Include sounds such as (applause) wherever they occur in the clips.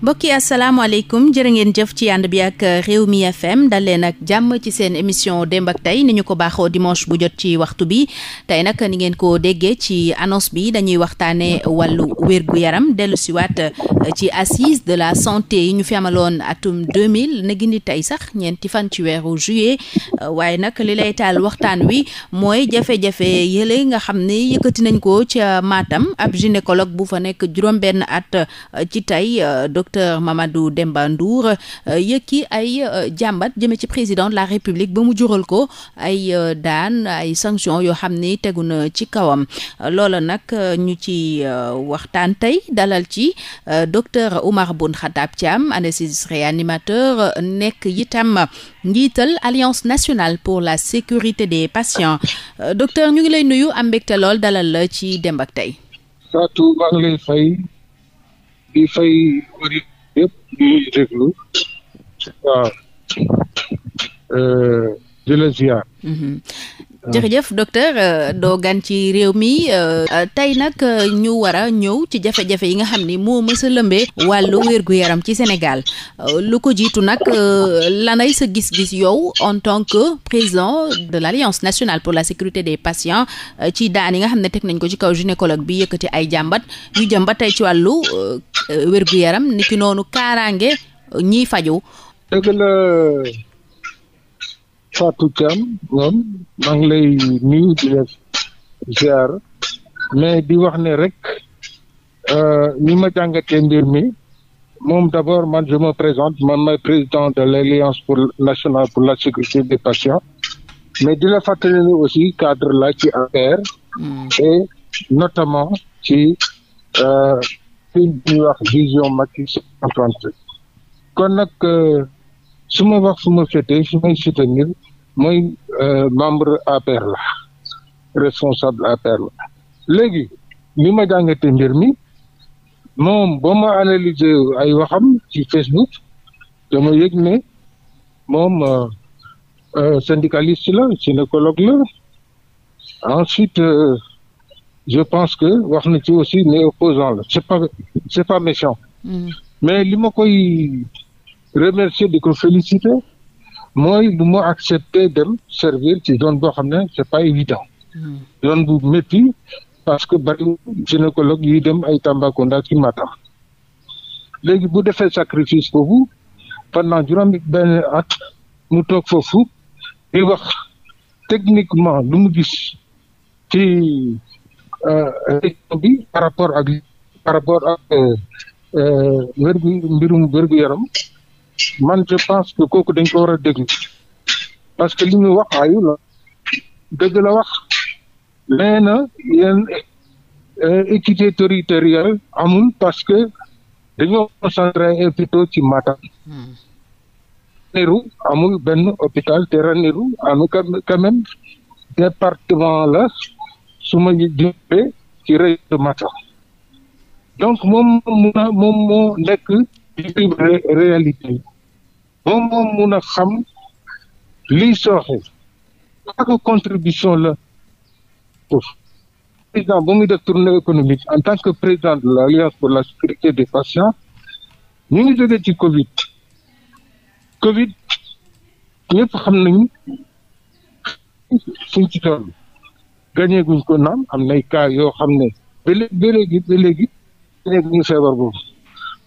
mbokk yi asalaamaaleykum jërë ngeen jëf ci ànd bi ak réew mi FM dal leen jàmm ci seen émission démb ak tey ni ñu ko baaxoo dimanche bu jot ci waxtu bi tey nag ni ngeen ko déggee ci annonce bi dañuy waxtaanee wàllu wérgu yaram dellu siwaat euh, ci assise de la santé yi ñu fi amaloon atum 2000 na gindi tey sax ñeenti fan ci weeru juillet euh, waaye nag li lay taal waxtaan wi mooy jafe-jafe yële nga xam ne yëkkati nañ ko ca Matam ab gynécologue bu fa nekk juróom at euh, ci tey docteur Mamadou Demba Ndour euh, yëkki ay euh, jàmbat jëme ci président de la république ba mu jural ko ay euh, daan ay sanctions yoo xam ni tegu na ci kawam loola nag ñu ci waxtaan tey dalal ci docteur Oumar Boun Khatab Thiam anesthésiste réanimateur nekk itam njiital alliance nationale pour la sécurité des patients docteur ñu ngi lay nuyu am mbégte lool dalal la ci Demb ak Tay di fay auditeurs yëpp di déglu waaw euh, di la Ah. jërëjëf docteur euh, doo gan ci réew mi euh, euh, tey nag ñu war a ñëw ci jafe-jafe yi nga xam ni moo mës a lëmbee wàllu wér-gu-yaram ci Sénégal lu ko jiitu nag lanay sa gis-gis yow en tant que président de l'Alliance nationale pour la sécurité des patients ci daan yi nga xam ne teg nañ ko ci kaw gynécologue bi yëkkati ay jàmbat ñu jëm ba tey ci wàllu wér-gu-yaram niki noonu kaaraange ñiy faju Fatou Thiam moom maa ngi lay nuyu di la ziar mais di wax ne rek euh, ni ma jàngatee mbir mi moom d' abord man je ma présente man maay président de l' alliance pour pour la sécurité des patients mais di la fàttali ne aussi cadre la ci APR hmm. et notamment ci euh, fi ñuy wax vision kon nag euh, su ma wax su ma féetee su soutenir mooy euh, membre APR la responsable APR la léegi ni ma jàngate mbir mi moom ba ma analyser ay waxam ci Facebook dama yëg ne moom euh, euh, syndicaliste la gynécologue la ensuite je pense que wax na ci aussi ne opposant la c'est pas c'est mm. mais li ma koy remercier di ko féliciter mooy bu ma accepté dem servir ci zone boo xam ne c'est pas évident hmm. zone bu métti parce que bari gynécologue yi dem ay Tambacounda ci Matam léegi bu defee sacrifice foofu pendant juróomi benn at mu toog foofu di wax techniquement lu mu gis ci euh, région par rapport ak par rapport a ak euh, euh, wérgu mbirum wérgu yaram man je pense que kooku dañ ko war a déglu parce que li ñu wax la dëgg la wax nee na yéen euh, équité territoriale amul parce que dañoo concentré plutôt ci Matam hmm. benn hôpital te la su ma jëppee donc moom moo nekk ci réalité moom moom mun a xam liy sooxe ak contribution la président ba muy def tournée économique en tant que président de l'alliance pour la sécurité des patients ñu ngi jógee ci covid covid ñëpp xam nañu fuñ ci toll gagné guñ ko naam am nay cas yoo xam ne ba léegi ba léegi ñu feebar boobu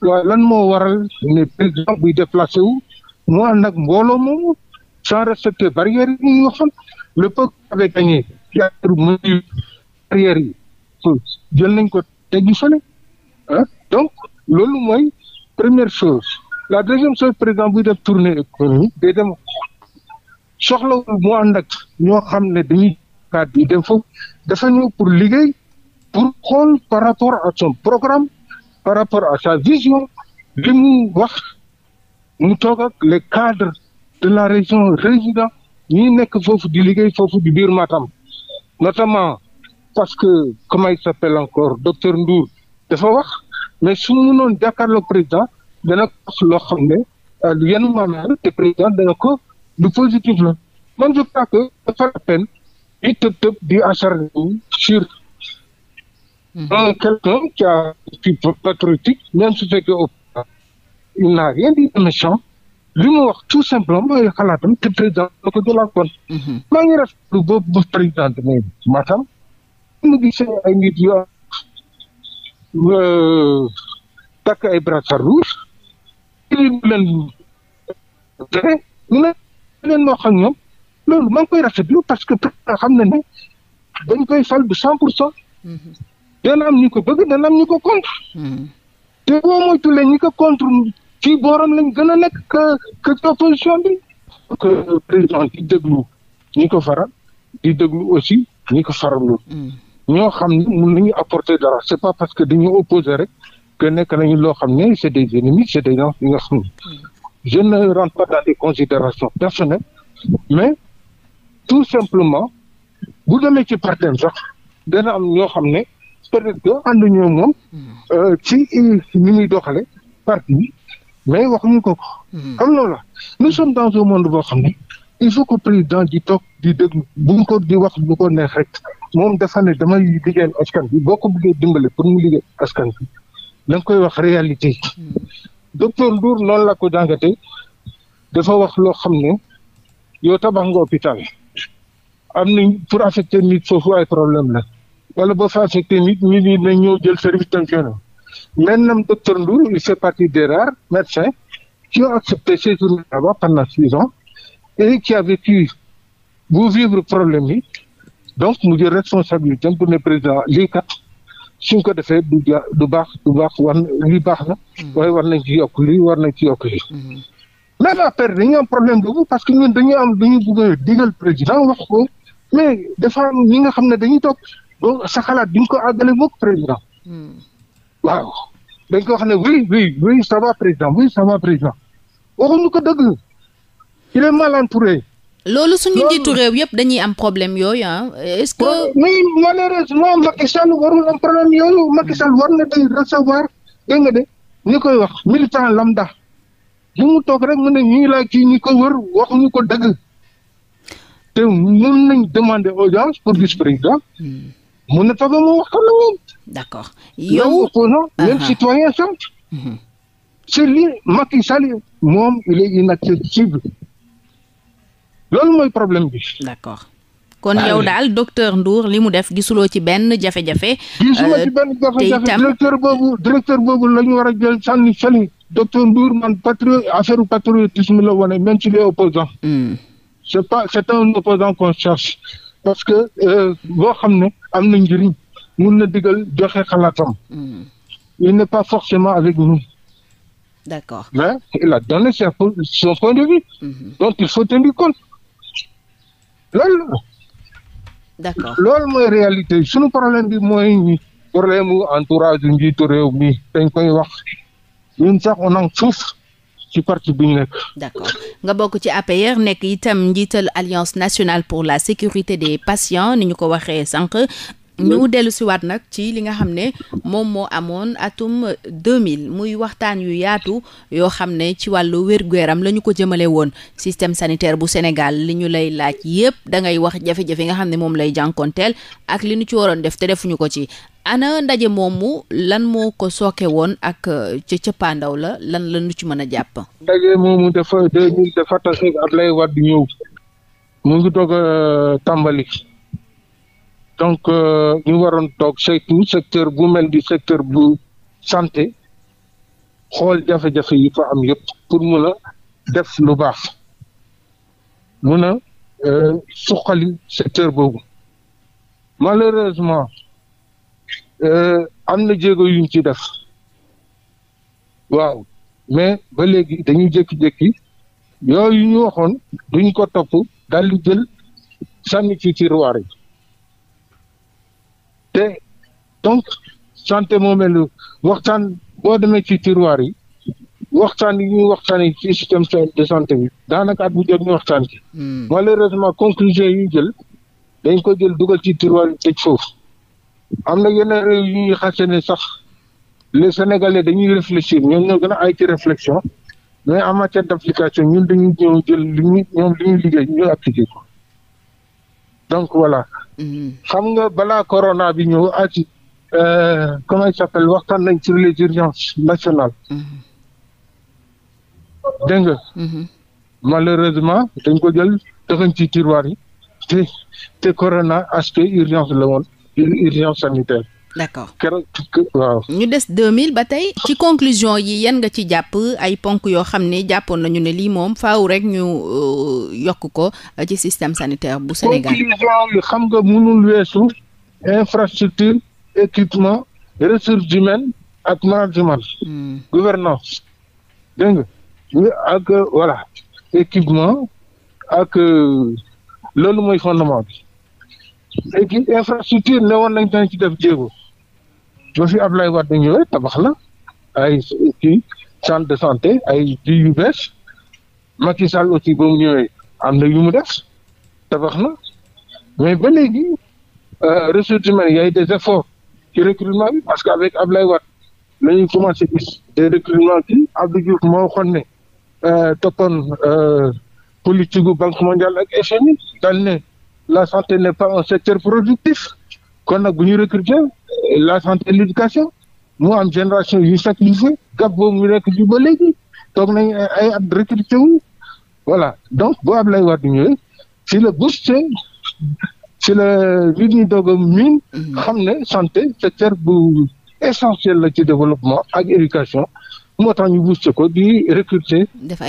waaye lan moo waral ne président buy déplacé wu mu ànd mbooloo moomu sans respecter barrières yi ñu waxoon le peuple avait gagné ci affaire mu barrières yi jël nañ ko teggi fële ah donc loolu mooy première chose la deuxième chose président buy def tournée économique day dem soxlawul mu ànd ak ñoo xam ne dañuy kaat bi dem foofu dafa ñëw pour liggéey pour xool par rapport à programme par rapport à sa vision li mu wax mu toog ak les cadres de la région résident ñi nekk foofu di liggéey foofu di biir Matam notamment parce que comment il s'appelle encore docteur Ndour dafa wax mais su mu mënoon jàkkaarloog président dana ko wax xam ne euh, lu yenu maanaam te président dana ko lu positif la man je crois que dafa la peine di tëb tëb di acharné sur hmm. un quelqu'un qui a patriotique même su fekkee il n'a rien dit de méchant li mu wax tout simplement mooy xalaatam te président da ko jëlaat kon. Mhm. maa ngi rafetlu boobu ba président damay maanaam mu gisee ay nit yu euh, takk ay brassard rouge ñu leen ñu leen wax ak ñoom loolu maa ngi koy rafetlu parce que président xam na ne dañ koy fal bu cent pour cent. Mhm. dana am ñu ko bëgg dana am ñu ko contre. Mhm. te boo moytuwulee ñi ko contre ci booram lañu gën a nekk que que ci opposition bi que président di déglu ñi ko faral di déglu aussi ñi ko faralul hmm. ñoo xam ne mun nañu apporter dara c'est pas parce que dañu opposer rek que nekk nañu loo xam ne c'est des ennemis c'est des gens yi nga xam ne hmm. je ne rentre pas dans des considérations personnelles mais tout simplement bu demee ci partem sax dana am ñoo xam ne peut-être que ànd ñoo moom hmm. euh, ci ni muy doxale parti mais waxuñu ko xam loolu la nous sommes dans un monde boo xam ne il faut que président ji toog di dégg buñ ko di wax lu ko neex rek moom dafa ne damay liggéeyal askan bi boo ko bëggee dimbale pour mu liggéey askan bi da nga koy wax réalité yi hmm. docteur Ndour noonu la ko jàngate dafa wax loo xam ne yow tabax nga hôpital am nañ pour affecter nit foofu ay problème la wala boo fa affecté nit ñi ni na ñëw jël service tensionnaire Maintenant, Dr Ndour, il fait partie des rares médecins qui ont accepté ces jours là-bas pendant six ans et a vécu bu vivre problème yi donc mu jël responsabilité bu ne président lii ka suñ ko defee du du baax du baax war lii baax na mm-hmm. waaye war nañ ci yokk lii war nañ ci yokk lii a mm-hmm. après dañuy am problème boobu parce que ñun dañuy am dañu bëgg a digal président wax ko mais dafa am ñi nga xam ne dañuy toog sa xalaat duñ ko àggale mook président mm-hmm. waaw dañ ko wax ne oui oui oui ça va président oui ça va wax waxuñu ko dëgg il est mal entouré. loolu suñu njiitu réew yëpp dañuy am problème yooyu ah est-ce que. mais malheureusement Macky Sall warul am problème yooyu Macky Sall war na day recevoir dégg nga de ñu koy wax militant lambda bu mu toog rek mu ne ñu ngi laa kii ñu ko wër waxuñu ko dëgg te mën nañ demander audience pour vice président. Hmm. mën na toog mu waxtaan ak moom. d'accord yow même opposant même ah ah. citoyen simple. Mhm. c'est lui Macky Sall moom il est loolu mooy problème bi. d'accord kon yow daal docteur Ndour li mu def gisuloo ci benn jafe-jafe. gisuma euh, ci benn jafe-jafe directeur boobu directeur boobu la ñu war a jël sànni fële. docteur Ndour man patriote affaire patriotisme la wane même s'il est opposant. Hmm. c'est pas c'est un opposant qu'on parce que euh, boo xam ne am na njëriñ mun na digal joxe xalaatam. Hmm. il n'est pas forcément avec nous. d'accord mais il a donné son point de vue. Hmm. donc il faut tenir compte loolu. d'accord mooy réalité sunu problème bi mooy problème entourage njiitu réew mi dañ koy wax ñun sax on en souffre. ci parti bi ñu nekk. d'accord nga bokk ci APR nekk itam njiital alliance nationale pour la sécurité des patients ni ñu ko waxee sànq. mu dellu waat nag ci li nga xam ne moom moo amoon atum 2000 muy waxtaan yu yaatu yoo xam ne ci wàllu wér-gu-yaram la ñu ko jëmale woon système sanitaire bu Sénégal li ñu lay laaj yépp dangay wax jafe-jafe nga xam ne moom lay jànkonteel ak li ñu ci waroon def te defuñu ko ci ana ndaje moomu lan moo ko sooke woon ak euh, ca cëppaandaw la lan la nu ci mën a jàpp. ndaje moomu dafa deux mille dafa tase ak Abdoulaye Wade ñëw mu ngi doog euh, tàmbali donc euh, ñu waroon toog saytu secteur bu mel di secteur bu santé xool jafe-jafe yi fa am yëpp pour mun a def lu baax mun a suqali secteur boobu malheureusement. Euh, am na jéego yuñ ci def waaw mais ba léegi dañuy jékki-jékki yooyu ñu waxoon duñ ko topp daal di jël sànni ci tiroir yi te donc santé moo mel ni waxtaan boo demee ci tiroir yi waxtaan yi ñuy waxtaan yi ci système de santé bi daanaka at bu jot ñu waxtaan ci hmm. malheureusement conclusion yi ñu jël dañ ko jël dugal ci tiroir yi tëj foofu am na yenn yu ñuy xasee ne sax les sénégalais dañuy réfléchir ñoom ñoo gën a ay ci réflexion mais en matière d' application ñun dañuy ñëw jël li ñu ñoom li ñuy liggéey ñu appliqué donc voilà. Mm-hmm. xam nga balaa corona bi ñëw aji euh, comment il s' appelle waxtaan nañ sur les urgences nationales. Mm-hmm. dégg nga. Mm-hmm. malheureusement dañ ko jël dëxañ ci tiroir yi te te corona aspect urgence la woon. urgence sanitaire. d'accord ñu des mille ba tey ci conclusion yi yan nga ci jàpp ay ponk yoo xam ne jàppoon nañu ne lii moom faaw rek ñu euh, yokk ko euh, ci système sanitaire bu Sénégal. xam nga mënul weesu infrastructure équipement ressources humaines ak management. Hmm. gouvernance dégg nga ak euh, voilà équipement ak loolu mooy fondement bi. ay kii infrastructure ne woon nañ dañ ci def jéego ba fi Ablaye Wade ñëwee tabax la ay kii centre de santé ay ji yu bees Macky Sall aussi ba mu ñëwee am na yu mu def tabax na mais ba léegi euh, ressources humaines yaay des efforts ci recrutement bi parce que avec Ablaye Wade lañuy ñuy commencé des recrutements bi Abdou Diouf moo waxoon ne euh, toppoon euh, politique gu Banque mondiale ak FMI dal ne la santé n'est pas un secteur productif kon nag bu ñu recruter euh, la santé l'éducation mu am génération yu sacrifié gab boobu mu nekk ju ba léegi toog nañ ay at recruter wu voilà donc boo Ablaye nu ñëwee si la boosté si la nit ñi doog a miin mm-hmm. xam ne santé secteur bu essentiel la ci développement ak éducation moo tax ñu boosté ko di recruter.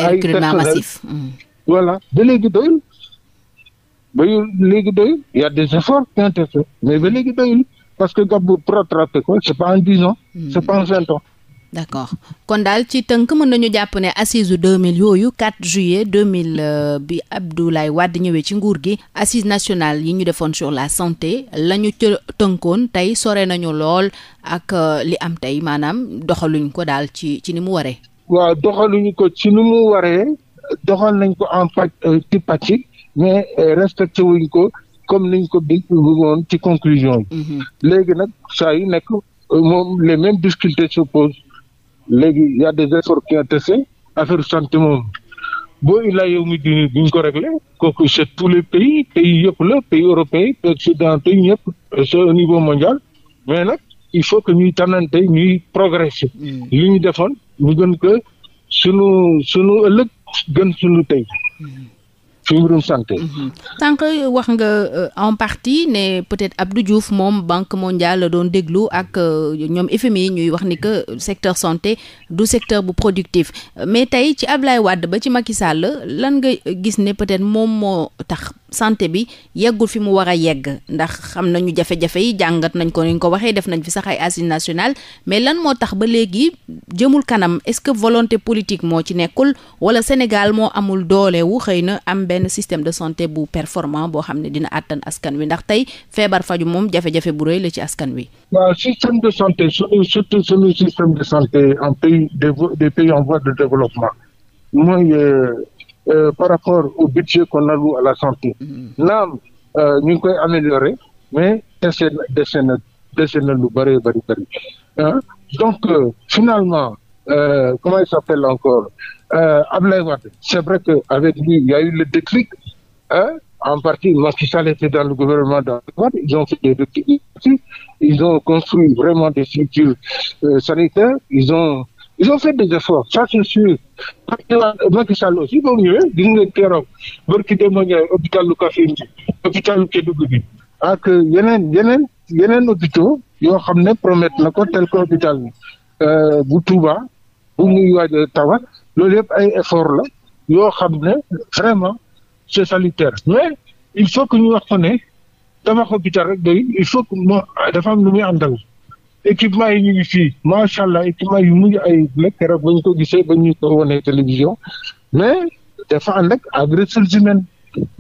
ay personnels def mm-hmm. voilà ba léegi doyul. ba léegi doyul il y a des efforts mais ba léegi doyul parce que gab bu ko c'est pas en dix ans. Hmm. c'est pas en vingt d'accord kon daal ci tënk mën nañu jàpp ne assise u mille yooyu 4 juillet 2000 euh, bi Abdoulaye Wade ñëwee ci nguur gi assise nationale yi ñu defoon sur la santé la ñu ca tënkoon tey sore nañu lool ak euh, li am tey maanaam doxaluñ ko daal ci ci ni mu waree. waaw doxaluñu ko ci ni mu waree doxal nañ ko en pàcc ci euh, mais euh, respecté wuñ ko comme niñ ko bind woon ci conclusion yi. Mhm. léegi nag saa yi nekk euh, moom les mêmes difficultés se posent léegi y des efforts qui ont été faits affaire santé moom boo ilaa yow mi di duñ ko réglé kooku c'est tous les pays pays yëpp la pays européens pays occidentaux ñëpp euh, c'est au niveau mondial mais nag il faut que ñuy tànnante ñuy progresser mm. li ñu defoon ñu gën ko sunu sunu ëllëg gën sunu tey mm. ci mbirum santé. Mhm. sànq euh, wax nga euh, en partie ne peut-être ab Abdou Diouf moom Banque mondiale la doon déglu ak euh, ñoom FMI ñuy wax ni que secteur santé du secteur bu productif mais tey ci ab Ablaye Wade ba ci Macky Sall lan nga gis ne peut-être moom moo tax. santé bi yeggul fi mu war a yegg ndax xam nañu jafe-jafe yi jàngat nañ ko ni ñu ko waxee def nañ fi sax ay assises nationales mais lan moo tax ba léegi jëmul kanam est-ce que volonté politique moo ci nekkul wala Sénégal moo amul doole wu xëy na am benn système de santé bu performant boo xam ne dina àttan askan wi ndax tey feebar faju moom jafe-jafe bu rëy la ci askan wi. waaw système de santé sunu surtout sunu en pays des pays en voie de développement euh, euh, par rapport au budget qu'on alloue à la santé. Mm-hmm. naam euh, ñu ngi koy améliorer mais dese na dese na dese na lu bëree bëri bëri donc euh, finalement euh, comment il s'appelle encore Ablaye c'est vrai que avec lui il y a eu le déclic en partie Macky Sall était dans le gouvernement d'Ablaye Wade ils ont fait des déclics ils ont construit vraiment des structures sanitaires ils ont ils ont fait des efforts ça c'est sûr parce que Macky Sall aussi mu ñëwee gis nga keroog barki démb ñaay hôpital lu Kaffrine bi hôpital lu Kédougou bi ak yeneen yeneen yeneen hôpitaux yoo xam ne promettre na ko tel que hôpital euh, bu Touba bu muy waaj a loolu yëpp ay effort la yoo xam ne vraiment c'est salutaire mais il faut que ñu wax ko ne tabax hôpital rek day il faut que moo dafa am lu muy àndal équipement yi ñu ngi fii macha allah équipement mu ay la keroog ko gisee ba ko wonee télévision mais dafa ànd ak ak ressources humaines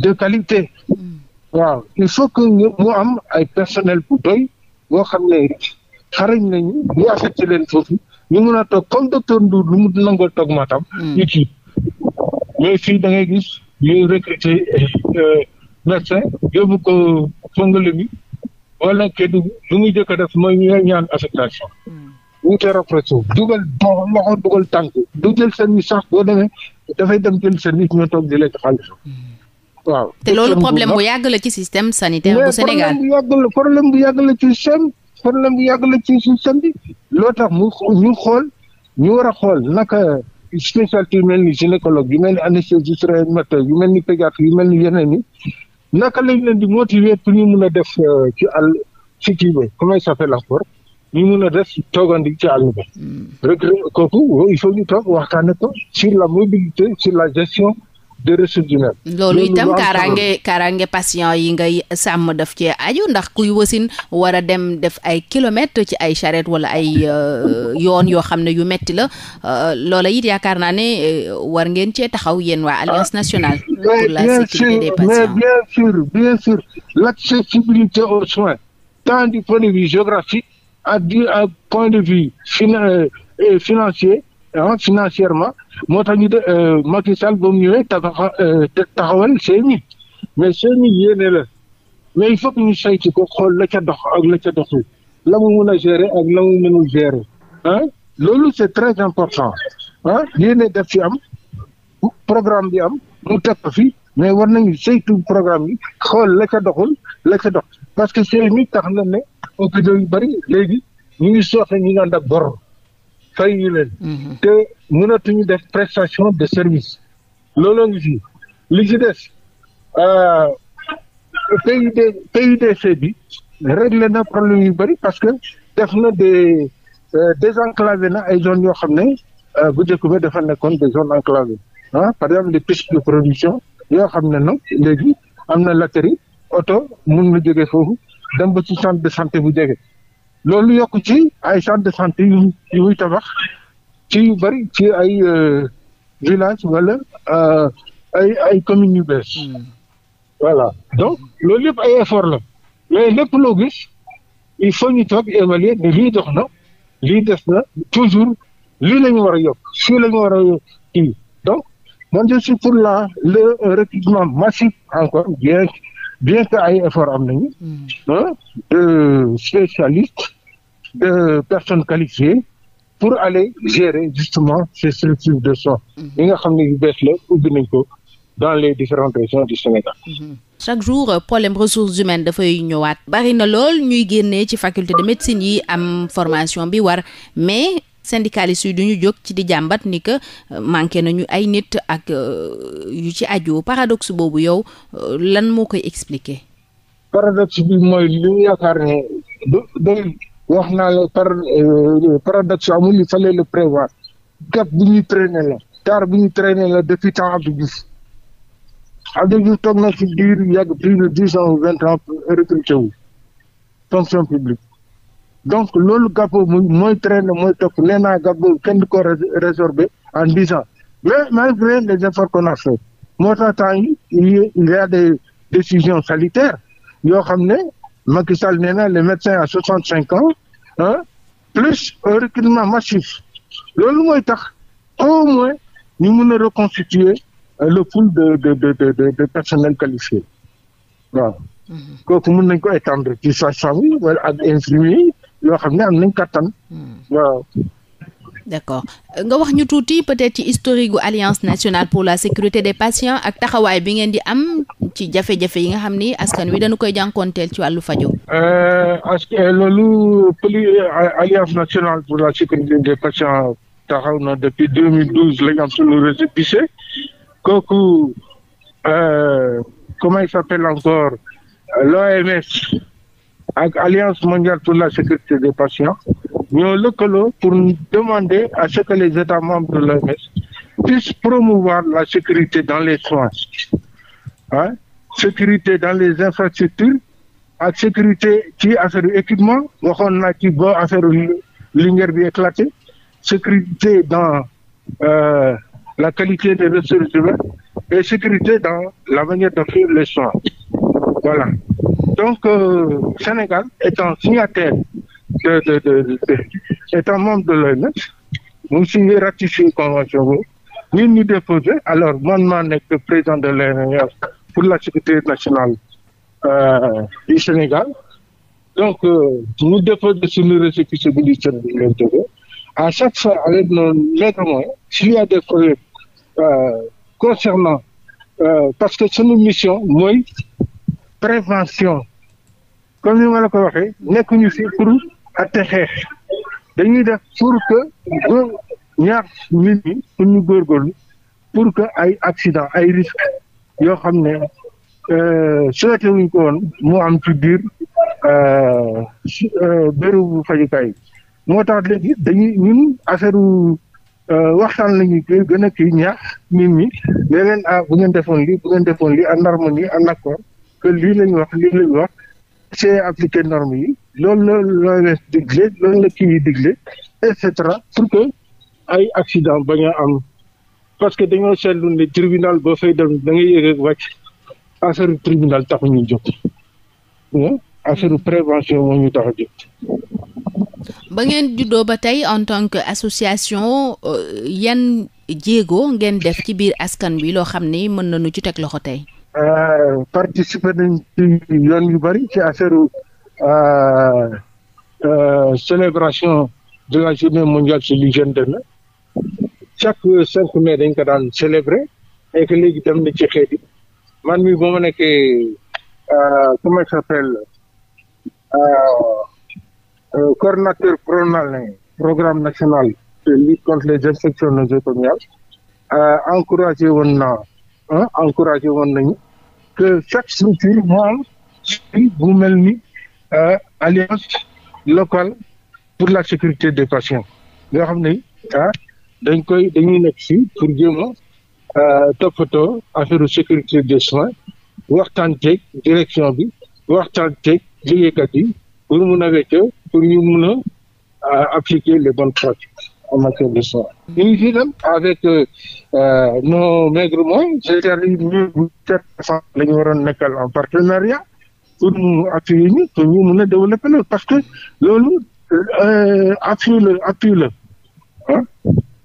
de qualité hmm. waaw il faut que mu am ay personnel bu doy boo xam ne xarañ nañu ñu affecté leen foofu ñu mun a toog comme docteur Ndour lu mu nangoo toog Matam. Hmm. ñu kii mais fii gis ñuy recruter euh, médecin yóbbu ko Fongolimbi wala Kédougou du muy njëkk a def mooy ñu ñaan affectation. Hmm. ñu teel a pression dugal boo loxo dugal tànk du jël service sax boo demee dafay dem jël service ñoo toog di lekk xaalis hmm. waaw. te loolu problème bu yàgg la ci système sanitaire bu Sénégal mais problème bu yàgg la ci système problème bu yàgg la ci système bi. loo tax mu ñu xool ñu war a xool naka spécialité yu mel ni gynécologue yu mel ni anesthésiste yu mel ni pédiatre yu mel ni yeneen yi naka lañ leen di motiver pour ñu mun a def ki euh, al ci kii bi comment il s'appelle encore ñu mun a def toogandi ci àll bi hmm. rek kooku il faut ñu toog waxtaane ko sur la mobilité sur la gestion de ressources humaines. loolu itam kaaraange patient yi ngay sàmm def cee ajo ndax kuy wasin war a dem def ay kilomètres ci ay charrette wala ay euh, yoon yoo xam ne yu metti la euh, loola it yaakaar naa ne euh, war ngeen cee taxaw yéen waa alliance ah, nationale. bien sûr bien sûr l'accessibilité aux soins tant du point de vue géographique à du point de vue financier financièrement. moo tax ñu de euh, Macky Sall ba mu ñëwee tabaxa euh, taxawal CNI mais CNI yéene la mais il faut que seyti ko xool la ca dox ak la ca doxul la mu mun a gérer ak la mu mënul gérer ah loolu c'est très important ah yéene def fi am programme bi am mu teg ko fi mais war nañu saytu programme bi xool la ca doxul la ca dox parce que CNI tax na ne hôpitaux yu bëri léegi ñu ngi sooxe ñu ngi ànd ak bor fayu leen mhm. te mënatuñu def prestation de service looloo ngi si li si des euh, PUD PUDC bi réglé na problème yu bëri parce que def na des euh, désenclavé na ay zones yoo xam ne euh, bu njëkk ba dafa nekkoon des zones enclavées ah par exemple des pistes de production yoo xam ne nag léegi am na latérite oto mun na jóge foofu dem ba ci centre de santé bu jege loolu yokk ci ay centre de santé yu yu muy tabax ci yu bëri ci ay euh, village wala euh, ay ay communes yu bees hmm. donc loolu yëpp ay effort la mais lépp loo gis il faut ñu toog évaluer ne lii dox na lii des na toujours lii la ñu war a yokk fii la war a kii donc man je pour la le recrutement massif encore bien bien que ay effort am nañu. Hmm. Ah, de spécialistes de personnes qualifiées pour aller gérer justement ces structures de soins. Hmm. yi nga xam ni yu bees la ubbi nañ ko dans les différentes régions du Sénégal. Mmh. chaque jour euh, problème ressources humaines dafay ñëwaat. bari na lool ñuy génnee ci faculté de médecine yi am formation bi war mais. syndicalistes yi du ñu jóg ci di jàmbat ni que euh, manqué nañu ay nit ak euh, yu ci aju paradox boobu yow euh, lan moo koy expliquer paradoxe bi mooy li yaakaar ne doy wax naa la par paradoxe amul il fallait le prévoir gap bu ñuy traîner la tar bu ñuy traîner la depuis temps Abdou Diouf Abdou Diouf toog na ci diir yàgg plus de dix ans vingt ans recruté wu fonction publique donc loolu gàppo mooy traîne mooy topp nee naa kenn du ko en dix ans mais malgré les efforts qu'on a fait moo tax temps yi il y a des décisions sanitaires yoo xam ne Macky Sall nee na les médecins à soixante cinq ans ah plus un recrutement massif loolu mooy tax au moins ñu mën a reconstituer euh, le pool de de de de de personnel qualifié waaw. Mm-hmm. kooku mën nañ ko étendre ci sage-femme wala a infirmier yoo xam ne am nañ kattan hmm. waaw. d'accord nga wax ñu tuuti peut-être ci historique gu alliance nationale pour la sécurité des patients ak taxawaay bi ngeen di am ci jafe-jafe yi nga xam ni askan wi dañu koy jànkoonteel ci wàllu fajo euh, loolu pli euh, alliance nationale pour la sécurité des patients taxaw na depuis deux mille douze la ñu am suñu récépissé kooku euh, comment il s'appelle encore l'OMS ak Alliance mondiale pour la sécurité des patients ñoo lëkkaloo pour demander à ce que les États membres de l'OMS puissent promouvoir la sécurité dans les soins ah sécurité dans les infrastructures ak sécurité ci affaire équipement waxoon naa ci ba affaire lumière bi éclaté sécurité dans euh, la qualité des ressources humaines et sécurité dans la manière d'offrir les soins voilà Donc, euh, Sénégal étant signataire, de, de, de, de étant membre l'OMS, nous signons ratifié une convention. alors moi, n'est président de l'OMS pour la sécurité nationale euh, du Sénégal. Donc, euh, nous déposons sur le récépissé du Sénégal. À chaque fois, avec nos moyens, s'il y a des problèmes euh, concernant, euh, parce que c'est une mission, moi, prévention comme ni ma la ko waxee nekkuñu fi pour atte xeex dañuy def pour que góor ñaax nit ñi pour ñu góorgóorlu pour que ay accident ay risques yoo xam ne euh, souhaité wuñ ko woon moo am ci biir euh, euh, bérébu fajukaay bi moo tax léegi dañuy ñun affaire waxtaan la ñuy gën a kii ñaax nit ñi ne leen ah bu ngeen defoon lii bu ngeen defoon lii en harmonie en accord que lii lañ wax lii lañ wax c'est appliquer normes yi loolu la l'OMS digle loolu la kii yi digle et cetera pour que ay accident bañ a am parce que dañoo seetlu ne tribunal boo fay dem da ngay yëg ak wàcc affaire tribunal taxu ñu jóg hmm? affaire prévention moo ñu tax jóg ba ngeen juddoo ba tey en tant que association euh, yan jéego ngeen def ci biir askan bi loo xam ni mën nañu ci teg loxo tey Euh, participer nañ ci yu bëri ci affaire euh, euh, célébration de la journée mondiale sur l'hygiène de l'air chaque cinq mai dañ ko daan célébrer et que léegi dem na ci xeet yi man mi ba ma nekkee comment il s'appelle programme national de lutte contre les infections nosocomiales encouragé woon na encouragé woon nañu que chaque structure mu am bu mel ni à euh, alliance locale pour la sécurité des patients yoo xam ne ah dañ koy dañu nekk si pour jéem a euh, toppatoo affaire sécurité des soins waxtaan ceeg direction bi waxtaan ceeg liggéeykat yi pour mun a wecc pour ñu mun a euh, appliquer les bonnes pratiques. en matière de soins. Une ville avec nos maigres moyens GTR yi ñu sept waroon nekkal en partenariat pour mu appuyer ñu pour ñu mun parce que loolu appui la appui la ah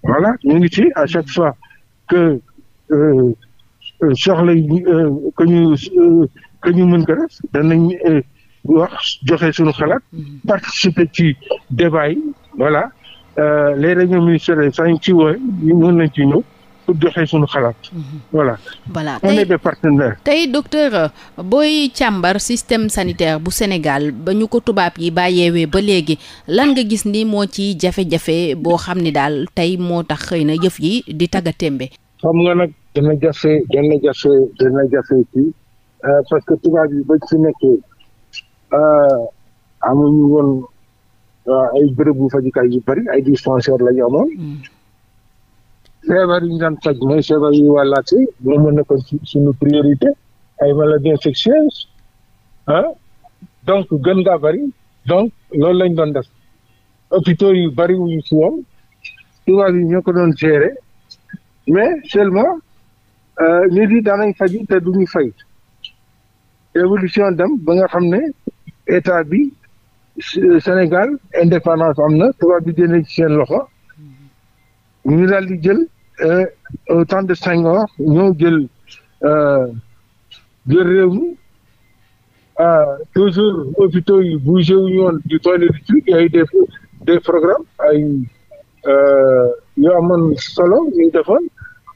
voilà ñu ngi ci à chaque fois que soxla yi que ñu que ñu mën ko def danañ wax joxe suñu xalaat participer ci voilà Euh, les réunions ministérielles sax ñu ci wooye ñu mën nañ ci ñëw pour joxe suñu xalaat. Mhm. voilà tey docteur booy càmbar système sanitaire bu Sénégal ba ñu ko tubaab yi bàyyeewee ba léegi lan nga gis ni moo ci jafe-jafe boo xam ni daal tey moo tax xëy na yëf yi di tagga tembe xam nga nag dana jafe dana jafe dana jafe ci euh, parce que tubaab yi ba ci nekkee euh, amuñu woon. Euh, ay bërëbu fajukaay yu bari ay dispensaire la ñu amoon. Hmm. feebar yi daan faj mooy feebar yi wàllaate moom moo nekkoon suñu priorité ay maladies infectieuses ah donc gën ngaa bëri donc loolu lañ doon def hôpitaux yu bëri wuñu si woon tubaab yi ñoo ko doon gérer mais seulement euh, nit yi daanañ faju te duñu fay évolution dem ba nga xam ne état bi Sénégal indépendance am na tubaab bi génne ci seen loxo ñu daal di jël au euh, temps de Senghor ñoo jël euh, jël réew mi euh, toujours hôpitaux yi bougé wu ñu woon du point de y a des des programmes ay yoo amoon solo ñu defoon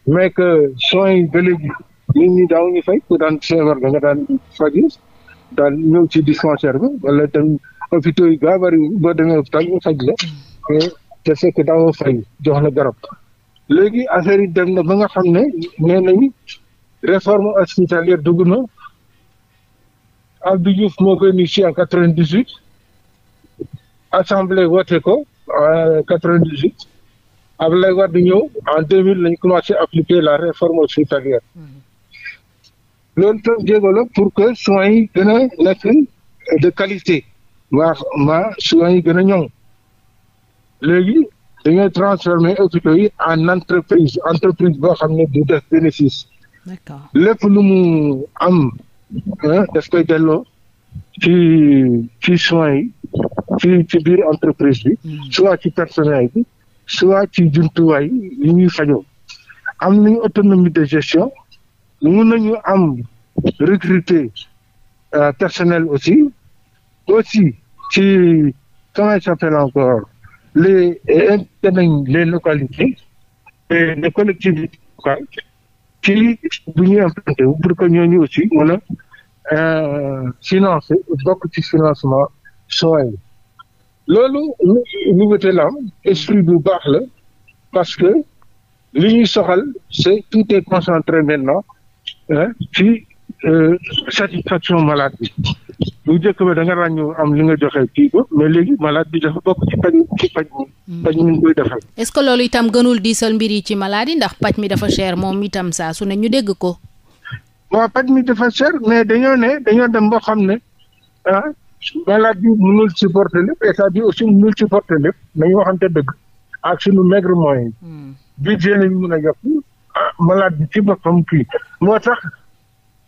mais que soins yi ba léegi nit ñi daaw ñu fay ku daan feebar da nga daan fajis daal ñëw ci dispensaire bi wala tamit hôpitaux yi gaa bëri boo demee hôpital ñu faj la te fekk daawoo fay jox la garab léegi affaire yi dem na ba nga xam ne nee nañu réforme hospitalière dugg na Abdou Diouf moo koy initié en quatre vingt dix huit assemblée voté ko en quatre vingt dix huit Abdoulaye Wade ñëw en deux mille lañ commencé appliquer la réforme hospitalière mm-hmm. loolu tam jéego pour que soins yi gën a qualité waa mbaa sillons yi gën a ñoŋ léegi dañuy transformer hôpitaux yi en entreprise entreprise boo xam ne du def bénéfice. d'accord lépp lu mu am daf koy delloo ci ci soins yi ci ci biir entreprise bi. Hmm. soit ci personnel bi. soit ci jumtuwaay yi ñuy fajoo am nañu autonomie de gestion mun nañu am recruter euh, personnel aussi aussi qui, comment il s'appelle encore, les, les localités, et les collectivités locales, ci bu ñuy implanté wu pour que ñooñu aussi mën a financé bokk ci financement soin loolu nouveauté la am e esprit bu baax la parce que li ñuy soxal c'est tout est concentré maintenant ci euh, satisfaction malade bi bu njëkk bi da nga ràññu am li nga joxe kii ba mais léegi malade bi dafa bokk ci paj ci paj mm. paj mi koy defal. est-ce que loolu itam gënul diisal mbir yi ci malade yi ndax paj mi dafa cher moom itam saa su ne ñu dégg ko. waaw paj mi dafa cher mais dañoo ne dañoo dem boo xam ne ah malade bi mënul supporter lépp état bi aussi mënul supporter lépp nañu waxante dëgg ak suñu maigre moyen mm. budget lañu mën a yokk ah, malade bi ci boppam kii moo tax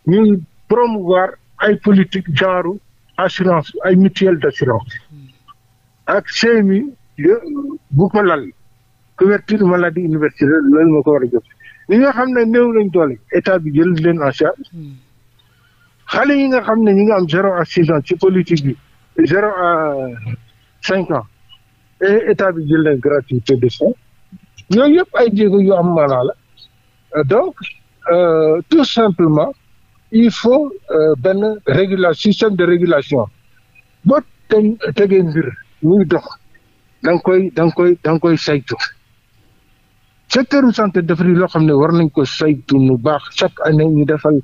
ñuy promouvoir ay politique genre assurance ay mutuelle d' assurance ak CMU bu ko lal couverture maladie universelle loolu moo ko war a jot ñi nga xam ne néew lañ doole état bi jël leen en charge yi nga xam ne ñi nga am zéro à six ans ci politique bi zéro à cinq ans et état bi jël leen gratuité de soins yooyu yëpp ay jéego yu am maanaa la donc euh, tout simplement il faut euh, benn régulation système de régulation boo te tegee mbir muy dox da koy da koy da nga koy saytu secteur santé dafa loo xam ne war nañ ko saytu nu baax chaque année ñu defal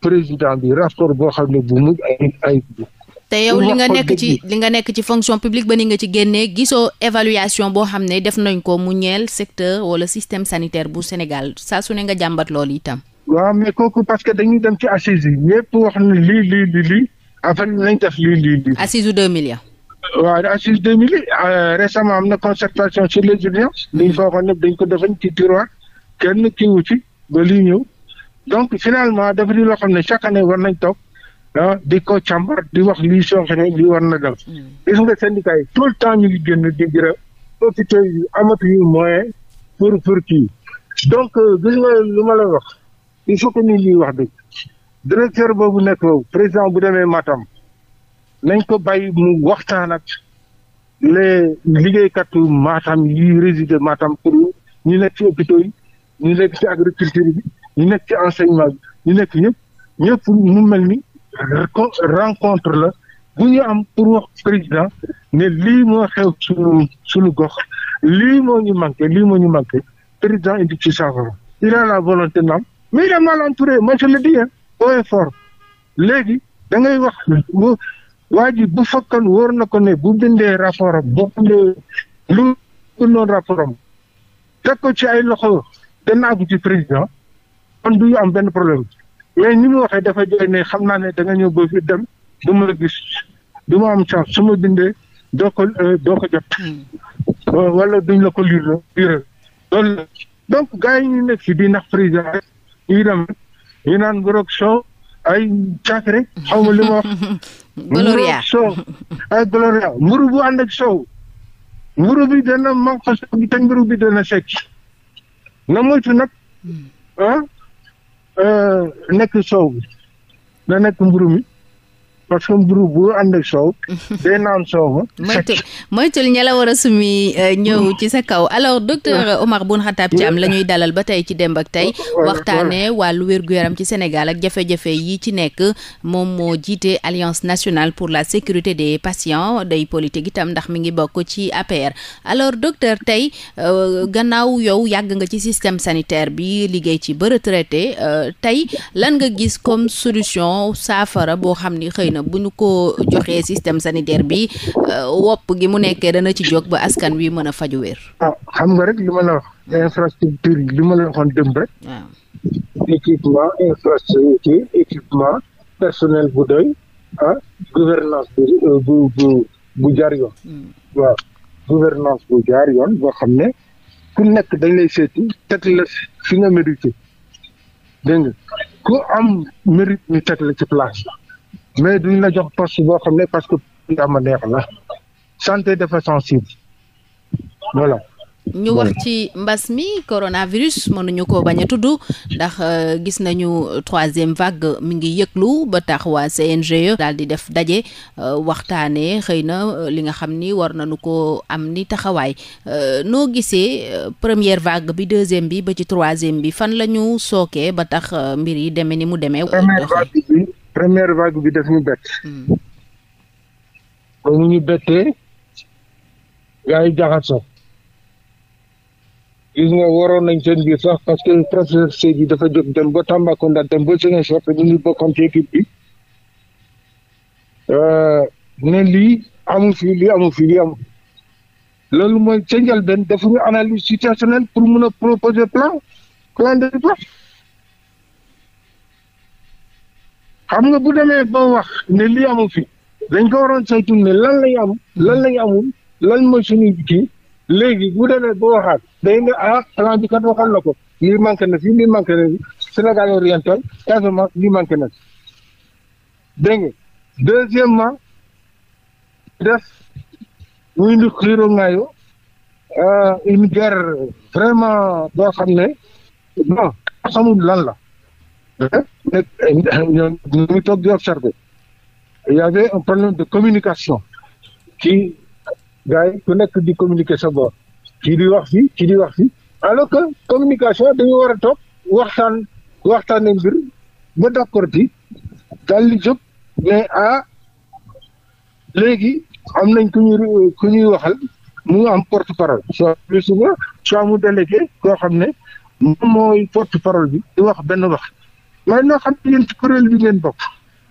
président bi rapport boo xam ne bu mujj ay ay. te yow li nga nekk ci li nga nekk ci fonction publique ba ni nga ci génnee gisoo évaluation boo xam ne def nañ ko mu ñeel secteur wala système sanitaire bu Sénégal saa su ne nga jàmbat loolu itam. waaw mais kooku parce que dañuy dem ci assises yi ñëpp wax na lii lii lii lii nañ def lii lii lii. assises deux mille ya waaw assises deux mille récemment am na concertation sur les urgences. li ñu foogoon ñëpp dañ ko defañ ci tiroir kenn kii wu ci ba lii ñëw donc finalement dafa di loo xam ne chaque année war nañ toog. ah di ko càmbar di wax lii sooxe ne lii war na dal. Mm-hmm. gis nga syndicat yi tout le temps ñu ngi génn di gërëm. hôpitaux yi amatuñu moyen pour pour kii. donc euh, gis nga lu ma il faut que nit ñi wax dëgg directeur boobu nekk foofu président bu demee Matam nañ ko bàyyi mu waxtaan ak les liggéeykatu Matam yi résider Matam pour ñu nekk ci hôpitaux yi ñu nekk ci agriculture bi ñu nekk ci enseignement ñu nekk ñëpp ñëpp mu mel ni rencontre la bu ñu am pour wax président ne lii moo xew su sunu gox lii moo ñu manqué lii moo ñu manqué président indi ci saafara il a naam mais il est mal entouré man je le dis hein haut et léegi da ngay wax bu waa ji bu fekkoon wóor na ko ne bu bindee rapport am bu bindee lu noonu rapport am ko ci ay loxo danaa ko ci président kon du ñu am benn problème mais ni mu waxee dafa jooy ne xam naa ne da nga ñëw ba dem du ma gis du am chance suma ma bindee doo ko euh, doo ko jot hmm. wala duñ la ko lire lire la donc gars yi ñu nekk ci di nax président ñuy dem ñu naan ngoroog soow ay càkkiri xaw ma li ma wax. gloria (laughs) soow ay gloria mburu bu ànd ak soow mburu bi dana manqué soow bi te mburu bi dana secc na moytu nag ah euh, nekk soow bi na nekk mburu mi. parce que mburu bu ànd ak (laughs) la war a sumi euh, ñëw ci sa kaw alors docteur Oumar Boun Khatab Thiam la ñuy dalal ba tey ci Demb ak Tay waxtaanee wàllu wér-gu-yaram ci Sénégal ak jafe-jafe yi ci nekk moom moo jiite alliance nationale pour la sécurité des patients day politique itam ndax mi ngi bokk ci APR. alors docteur tey euh, gannaaw yow yàgg nga ci système sanitaire bi liggéey ci ba retraité euh, tey lan nga gis comme solution saafara boo xam ni xëy na bu ñu ko joxee système sanitaire bi euh, wopp gi mu nekkee dana ci jóg ba askan wi mën a faju wér. a ah, xam nga rek li ma la wax infrastructure li ma la waxoon dëmb rek. waaw équipement infrastructure équipement personnel bu doy ah gouvernance euh, bu jaar yoon. Hmm. waaw gouvernance bu jaar yoon boo xam ne ku nekk dañ lay seeti teg la fi nga mérité dégg nga ku am mérite ñu teg la ci place la mais duñ la jox poste boo xam ne parce que ama neex la santé dafa sensible voilà. ñu wax ci mbas mi coronavirus mënuñu ko bañ a tudd ndax euh, gis nañu troisième vague mi ngi yëglu ba tax waa CNGE daal di def daje euh, waxtaanee xëy na euh, li nga xam ni war nañu ko am ni taxawaay noo gisee première vague bi deuxième bi ba ci troisième bi fan la ñu sookee ba tax mbir yi demee ni mu demee. première vague bi def ñu bett. Hmm. ba mu ngi bettee gars yi jaxasoo gis nga waroon nañ seen biir sax parce que professeur Seydi dafa jóg dem ba Tambacounda dem ba Ziguinchor te ñu ngi bokkoon ci équipe bi euh, ne lii amu fi li amu fi lii amu loolu mooy ca njëlbéen dafa ñu analyse situationnelle pour mun a proposer plan plan de riposte xam nga bu demee ba wax ne li amul fi dañ ko waroon saytu ne lan lañ am lan lañ amul lan mooy sunu kii léegi bu demee ba waxaat day ne ah plan bi kat waxal la ko lii manqué na fi lii manqué na fi Sénégal oriental Casamance lii manqué na fi nga deuxièmement def muy ndi xiiroo ngaayo euh, une guerre vraiment boo xam ne bon xamul lan la mais toog di observer il y un problème de communication ci gars yi nekk di communiquer sa bopp ci di wax fii ci di wax fii alors que communication dañu war a toog waxtaan waxtaanee mbir ba d'accord ci daal di jóg mais ah léegi am nañ ku ñuy waxal mu am porte parole soit plus souvent soit mu délégué koo xam ne moom mooy porte parole bi di wax benn wax. waaye noo xam ne yéen ci kuréel bi ngeen bokk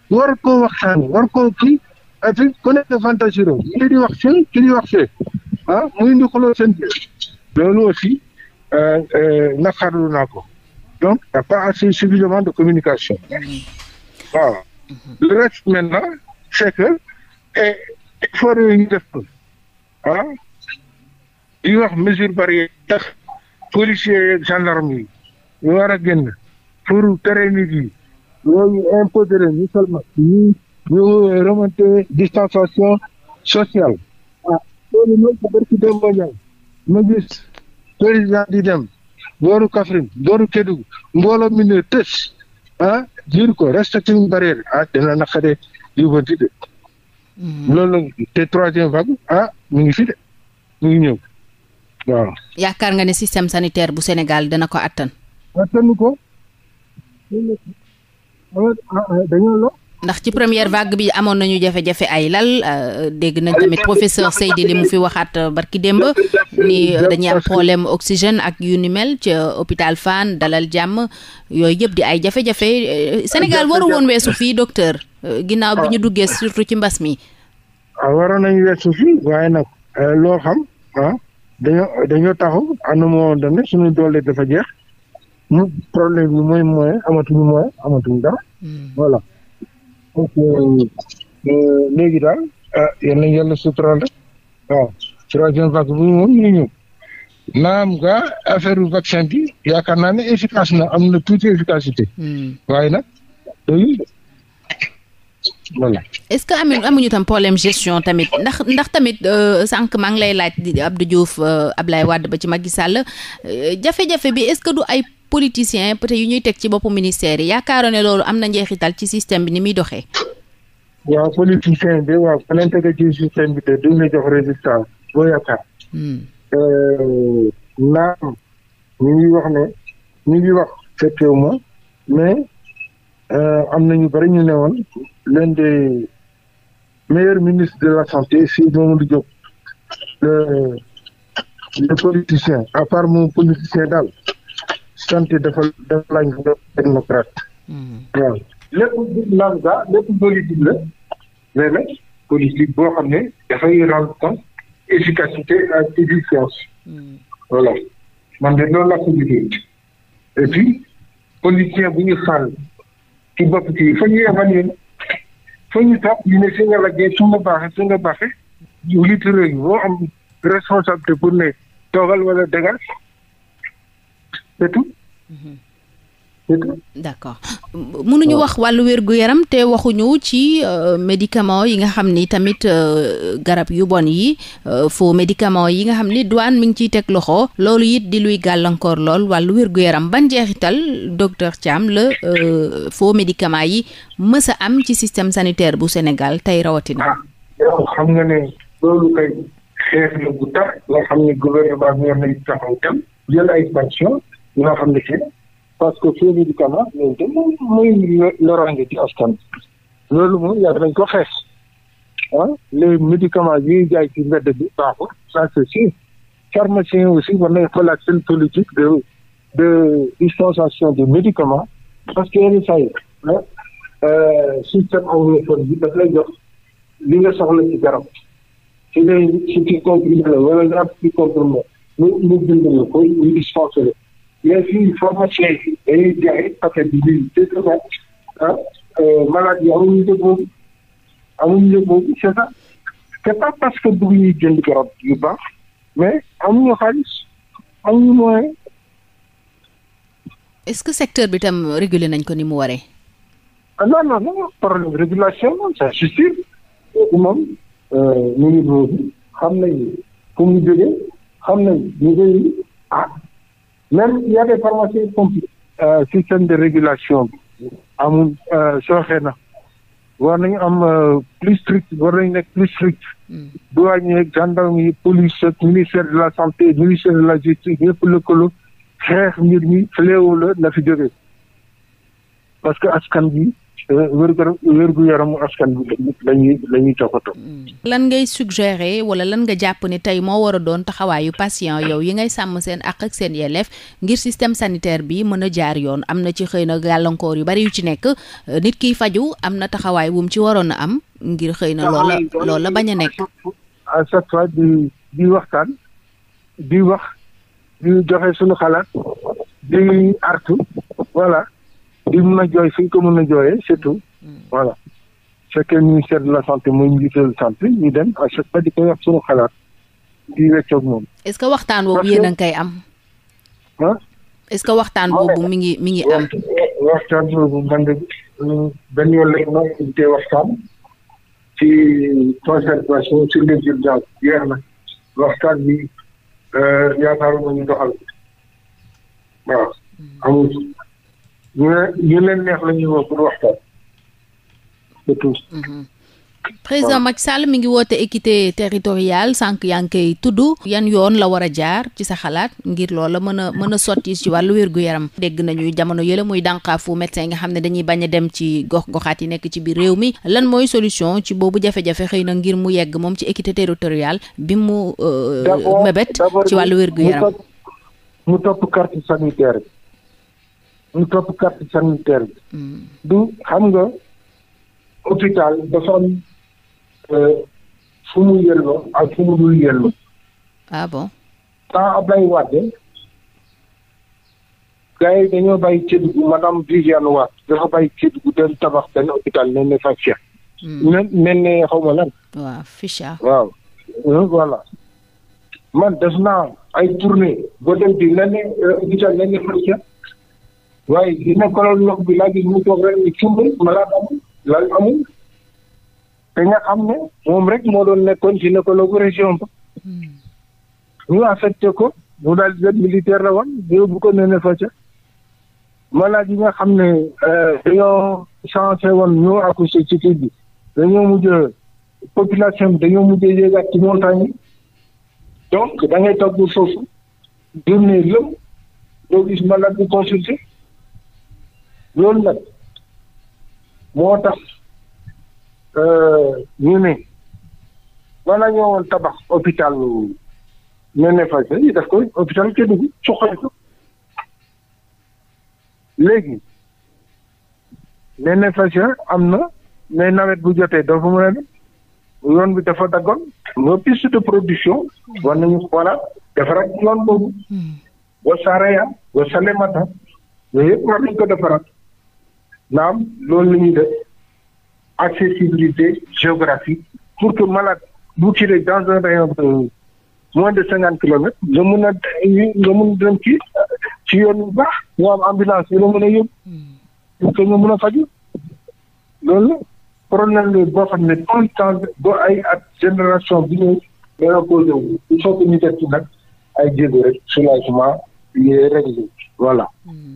war koo waxtaan war koo kii et puis ku nekk fantasiro kii di wax see kii di wax see ah muy indi xuloo seen biir loolu aussi euh, euh, naqarlu naa ko donc y a pas assez suffisamment de communication waaw le reste maintenant c'est que et effort yooyu ñu def ko ah yi wax mesure barrière tax policiers yeeg gendarme yi ñu war a génn pour pérenniser yooyu imposer leen ñu seulement ñu ñu remonter distanciation sociale ah loolu mooy ko dem boo ma gis président di dem booru Kaffrine booru Kédougou mbooloo mi ne tës ah ko respecté une barrière ah dina naqade yu bëri de mm-hmm. loolu la te troisième vague ah mu ngi fi de mu ngi ñëw waaw yaakaar nga ne système sanitaire bu Sénégal dana ko attan attanu ko ndax ci première vague bi amoon nañu jafe-jafe ay lal euh, dégg nañ tamit professeur Seydi li mu fi waxaat euh, barki démb ni euh, dañuy am problème oxygène ak yu ni mel ca hôpital Fann Dalal Jàmm yooyu yëpp di ay jafe-jafe Sénégal waru woon weesu fii docteur ginnaaw bi ñu duggee surtout ci mbas mi ah, ah, waroon nañu weesu fii waaye nag loo xam ah, dañoo taxu à un moment donné suñu doole dafa jeex ñu problème bi mooy moyen amatuñu moyen amatuñu dara. Hmm. voilà donc euh, euh, léegi daal ah yal nañu yàlla suturaal rek waaw troisième vague bi moom ñu ñëw naam nga affaire vaccin bi yaakaar naa ne efficace na am na tuuti efficacité. Hmm. waaye nag doyul voilà. est-ce que amuñu amuñu tam problème tamit ndax ndax tamit euh, sànq maa ngi lay laaj Abdou Diouf Ablaye Wade ba ci Macky Sall jafe-jafe bi est-ce que du ay. politiciens peut-être yu ñuy teg ci boppu ministère yi yaakaaroon ne loolu am na njeexital ci système bi ni muy doxee. waaw politicien bi waaw ku leen tege ci système bi de duñ la jox résultat boo yaakaar. Hmm. Euh, naam ñu ngi wax ne ñu ngi wax fekkewuma mais euh, am na ñu bari ñu ne woon l'un des meilleurs ministres de la santé si Mamadou Diop le le politicien à part moom politicien daal. santé dafa dafa laaj nga technocrate. Hmm. waaw lépp du lambda lépp politique la mais nag boo xam ne dafay rendre efficacité ak efficience. Hmm. voilà man de loolu laa ko liggéey et bu ñu fàll ci bopp ci fa ñu évaluer fa ñu tàpp ñu ne su nga laggee su nga baaxee su nga baaxee. yu litre yi boo am responsabilité pour ne toogal wala dégal. c'est tout mhm. c'est tout mënuñu ah. wax wàllu wér-gu-yaram te waxuñu ci euh, médicament yi nga xam ni tamit euh, garab yu bon yi euh, fo médicament yi nga xam ni douane mi ngi ciy teg loxo loolu it di luy gàllankoor lool wàllu wér-gu-yaram ban jeexital docteur Thiam la faux médicament yi mës am ci système sanitaire bu Sénégal tey rawatina ah, nga ñoo xam ne si parce que seen médicament loolu mooy loraange ci askan loolu moom yàgg nañ ko xeex ah les médicaments yi ñuy jaay ci mbedd bi baaxul ça c'est sûr pharmacien aussi war nañ xoolaat seen politique de de dispensation des médicaments parce que yenn saa yi ah, euh, système anglophone li nga soxla ci garab su dee ci comprimé la wala nga am ci la ko ñu yeeshi pharmacien yi dañuy jaay paquet bi ñuy dégluwaat ah malade yi amuñu njëg boobu amuñu njëg boobu c'est ça c'est pas parce que bëgg ñuy jënd garab yu baax mais amuñu xaalis amuñu moyen. est-ce que secteur bi tam nañ ko mu waree. Ah non non non problème moom ça euh, boobu xam nañ fu mu jógee xam nañ ñu ngi ah. même il y a des pharmaciens complices. Euh, système de régulation bi amul euh, sooxe na war nañu am euh, plus strict war nañu nekk plus strict hmm. douane yi gendarme yi police ministère de la santé ministère de la justice ñëpp lëkkaloo xeex mbir mi fléau la na fi jógee parce que askan bi wér gu yaramu askan bi mm. lan ngay suggérer wala lan nga jàpp ni tey moo war a doon taxawaayu patient yow yi ngay sàmm seen àq ak seen yelleef ngir système sanitaire bi mën a jaar yoon am na ci xëy na gàllankoor yu bari yu ci nekk euh, nit kiy faju am na taxawaay wum ci waroon a am ngir xëy na loola loola bañ a nekk. à chaque waxtaan di wax di joxe suñu xalaat di artu voilà. di mun a jooy fi ñu ko mun a jooyee surtout hmm. voilà su fekkee ministère de la santé mooy njiital santé ñu dem à chaque fois koy wax suñu xalaat di weccoog moom. est-ce que waxtaan boobu yéen a ngi koy am. ah. est-ce waxtaan boobu ngi am. waxtaan boobu man de benn yoon lañ ma invité waxtaan ci conservation sur les urgences jeex na waxtaan bi euh, yaakaaruma ñu doxal waaw hmm. ñu mhm. président Macky Sall mi ngi woote équité territoriale sànq yaa ngi koy tudd. yan yoon la war a jaar ci sa xalaat ngir loola mën a mën a sotti ci wàllu wér-gu-yaram. dégg nañuy jamono yële muy dànqaafu médecin nga xam ne dañuy bañ a dem ci gox-goxaat yi nekk ci biir réew mi lan mooy solution ci boobu jafe-jafe xëy na ngir mu yegg moom ci équité territoriale bi mu euh, mébét ci wàllu wér-gu-yaram mu ñu topp carte sanitaire bi. Mm. du xam nga hôpital dafa am euh, fu mu yelloo ak fu mu dul yelloo. ah bon. temps Ablaye Wade gars yi dañoo bàyyi Kédougou madame Viviane Wade dafa bàyyi Kédougou dem tabax benn hôpital ne ne fa Cheikh. Mm. ne ne xaw ma lan. waaw Ficha. waaw euh, voilà. man def naa ay tournée ba dem di ne euh, hôpital ne ne fa Cheikh. waaye gynécologue bi laa gis mu toog rek mala cumbal malade amul lal amul te nga xam ne moom rek moo doon nekkoon gynécologue région ba hmm. ñu affecté ko mu daal di dem militaire la woon yóbbu ko nee na fa ca malade yi nga xam ne euh, dañoo changé woon ñoo accouché ci kii bi dañoo mujj population bi dañoo mujj yéegaat ci montagne yi donc da ngay toog foofu journée lëm doo gis malade loolu nag moo tax euh, ñu ne wala ñoo woon tabax hôpital ñu ne fa yi daf koy hôpital Kédougou suqali ko léegi ne fasien am na mais nawet bu jotee doo fa mën a dem yoon bi dafa daggoon nga piste de production war nañu xoolaat defaraat yoon boobu hmm. ba Saraya ba Salémata yooyu yëpp war nañu ko defaraat naam loolu la ñuy def accessibilité géographique pour que malade bu tiré dans un rayon de moins de cinquante kilomètre nga mun a nga mun dem ci yoon bu baax nga am ambulance yi la mën a yóbbu pour que nga mun a faju loolu problème la boo xam ne tout le ay at génération bi ñu dana posé wu il faut que ñu ay jéego rek soulagement yee réglé voilà. Hmm.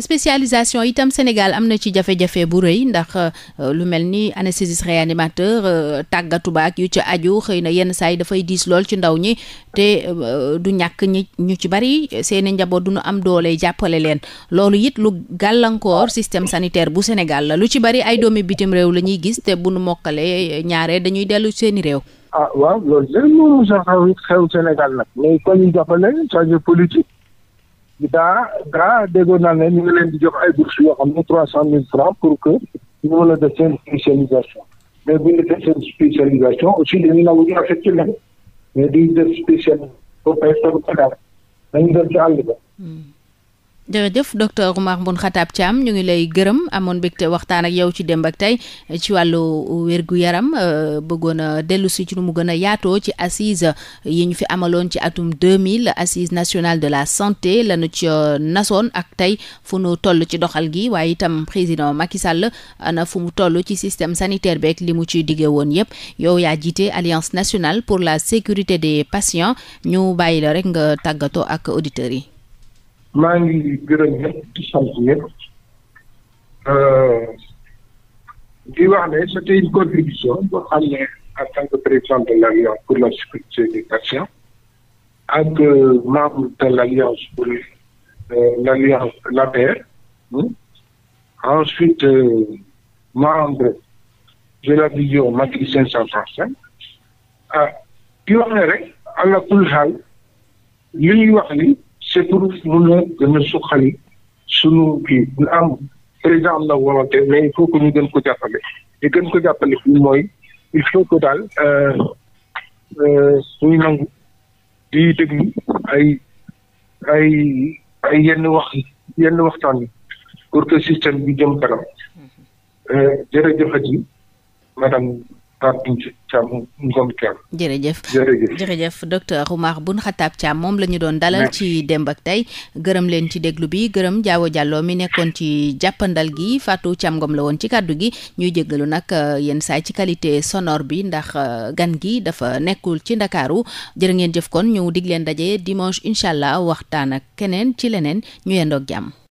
spécialisation itam Sénégal am na ci jafe-jafe bu rëy ndax euh, lu mel ni anesthésiste réanimateur euh, tàggatu ba ak yu ci aju xëy na yenn saa yi dafay diis lool ci ndaw ñi te euh, du ñàkk ñi ñu ci bari seeni njaboot du ñu am doole jàppale leen loolu it lu gàllankoor système sanitaire bu Sénégal la lu ci bari ay doomi bitim réew la ñuy gis te bu nu mokkalee ñaaree dañuy dellu seeni réew. ah waaw loolu léegi moom sax xew Sénégal nag mais kon ñu jàppale changé politique daa daa déggoon naa ne ñu ngi leen di jox ay bourses yoo xam ne trois cent mille francs pour que ñu mën de def seen spécialisation mais bu ñu defee seen spécialisation aussi dañu nangu ñu affecté leen mais di def spécialisation o pare toog ko daal dañu dem ci àll ba. Hmm. jërëjëf docteur Oumar Boun Khatab Thiam ñu ngi lay gërëm amoon mbégte waxtaan ak yow ci démb ak tey ci wàllu wérgu yaram euh, bëggoon a dellu si ci nu mu gën a yaatoo ci assise yi ñu fi amaloon ci atum deux 2000 assise nationale de la santé lanu ci euh, nasoon ak tey fu nu toll ci doxal gi waaye itam président Macky Sall ana fu mu toll ci système sanitaire beeg li mu ci diggee woon yépp yow yaa jiite alliance nationale pour la sécurité des patients ñu bàyyi la rek nga tàggatoo ak auditeurs yi maa ngi gërëm ñëpp di sant euh, c'était une contribution boo xam ne en tant que président de l'alliance pour la sécurité de l'alliance pour euh, l'alliance l'APR hmm? ensuite euh, membre de la vision Macky 535 ah di wax ne rek àla kulxaal li ñuy wax li c'est pour mun a gën a sunu kii am président am na volonté mais il faut que ñu gën ko jàppale ñu gën ko jàppale fii mooy il faut que daal euh, euh, suñu nangu di déglu ay ay yenn wax yenn waxtaan yi pour que système bi jëm kanam euh, jërëjëfati madame jërëjëf jërëjëf docteur Oumar bun xataab caam moom la ñu doon dalal ci démb ak tey gërëm leen ci déglu bi gërëm Diawo Diallo mi nekkoon ci jàppandal gi Fatou Thiam ngoom la woon ci kàddu gi ñuy jéggalu nag euh, yenn saa ci qualité sonor bi ndax euh, gan gi dafa nekkul ci ndakaaru jërë ngeen jëf kon ñëw digg leen daje dimanche incha allah waxtaan ak keneen ci leneen ñu yendoog jàmm.